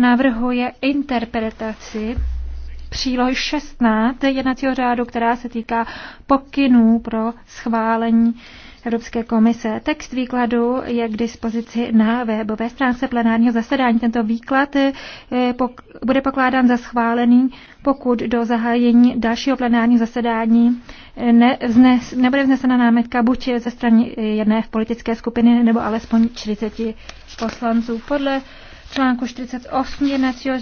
navrhuje interpretaci přílohy 16 jednacího řádu, která se týká pokynů pro schválení Evropské komise. Text výkladu je k dispozici na webové stránce plenárního zasedání. Tento výklad eh, bude pokládán za schválený, pokud do zahájení dalšího plenárního zasedání eh, ne, vznes, nebude vznesena námitka buď ze strany eh, jedné politické skupiny nebo alespoň 40 poslanců. Podle článku 48 jednacího